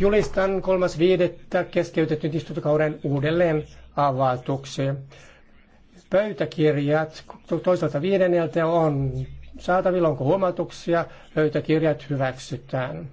Julistan 3.5. keskeytetyn istuntokauden uudelleen avatuksi. Pöytäkirjat toiselta viidenneltä on saatavilla, onko huomautuksia, pöytäkirjat hyväksytään.